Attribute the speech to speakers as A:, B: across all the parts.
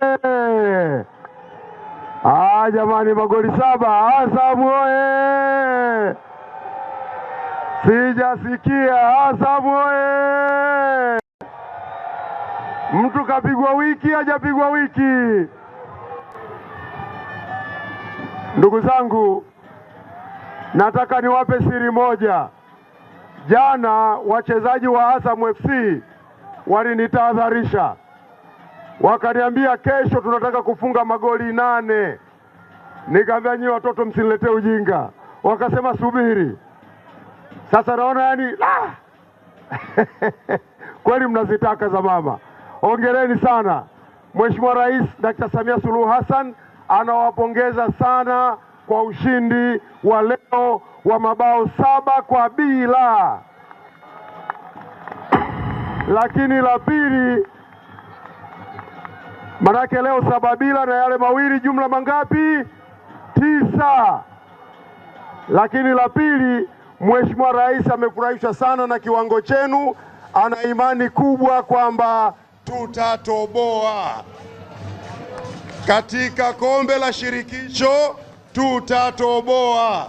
A: oye! Ah, jamani, magoli saba Azam ah, oye! Sijasikia Azam ah, oye! Mtu kapigwa wiki, hajapigwa wiki. Ndugu zangu, nataka niwape siri moja. Jana wachezaji wa Azam FC walinitahadharisha wakaniambia kesho tunataka kufunga magoli nane. Nikaambia nyie watoto msiniletee ujinga, wakasema subiri. Sasa naona yani kweli mnazitaka za mama. Hongereni sana. Mheshimiwa Rais Dakta Samia Suluhu Hassan anawapongeza sana kwa ushindi wa leo wa mabao saba kwa bila. Lakini la pili Manake leo saba bila na yale mawili jumla mangapi? Tisa. Lakini la pili, Mheshimiwa Rais amefurahishwa sana na kiwango chenu, ana imani kubwa kwamba tutatoboa katika kombe la shirikisho, tutatoboa.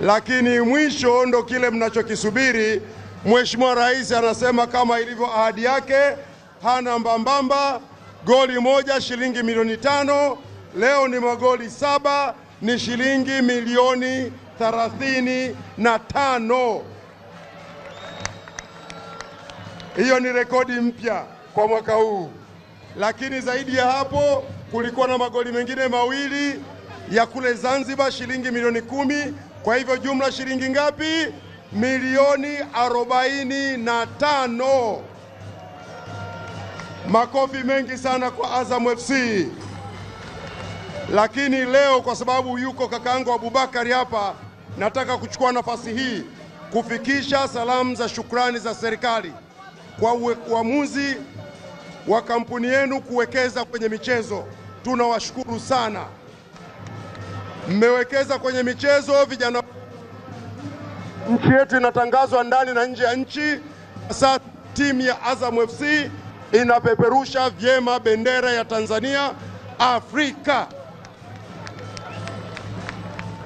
A: Lakini mwisho ndo kile mnachokisubiri. Mheshimiwa Rais anasema kama ilivyo ahadi yake, hana mbambamba goli moja shilingi milioni tano. Leo ni magoli saba ni shilingi milioni thelathini na tano. Hiyo ni rekodi mpya kwa mwaka huu, lakini zaidi ya hapo kulikuwa na magoli mengine mawili ya kule Zanzibar shilingi milioni kumi. Kwa hivyo jumla shilingi ngapi? Milioni arobaini na tano. Makofi mengi sana kwa Azam FC. Lakini leo kwa sababu yuko yangu Abubakari hapa, nataka kuchukua nafasi hii kufikisha salamu za shukrani za serikali kwa uamuzi wa kampuni yenu kuwekeza kwenye michezo. Tunawashukuru sana, mmewekeza kwenye michezo vijana. Nchi yetu inatangazwa ndani na nje ya nchi. Sasa timu ya Azam FC inapeperusha vyema bendera ya Tanzania Afrika,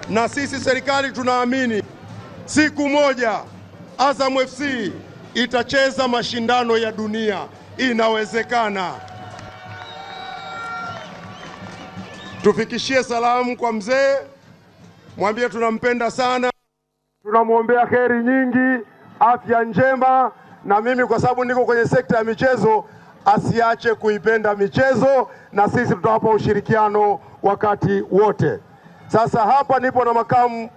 A: na sisi serikali tunaamini siku moja Azam FC itacheza mashindano ya dunia. Inawezekana. Tufikishie salamu kwa mzee, mwambie tunampenda sana, tunamwombea heri nyingi, afya njema na mimi kwa sababu niko kwenye sekta ya michezo, asiache kuipenda michezo, na sisi tutawapa ushirikiano wakati wote. Sasa hapa nipo na makamu uh,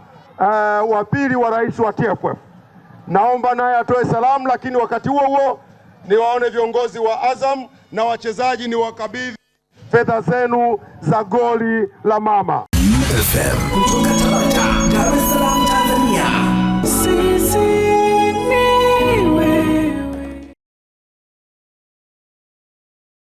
A: wa pili wa rais wa TFF, naomba naye atoe salamu, lakini wakati huo huo niwaone viongozi wa Azam na wachezaji ni wakabidhi fedha zenu za goli la mama FM.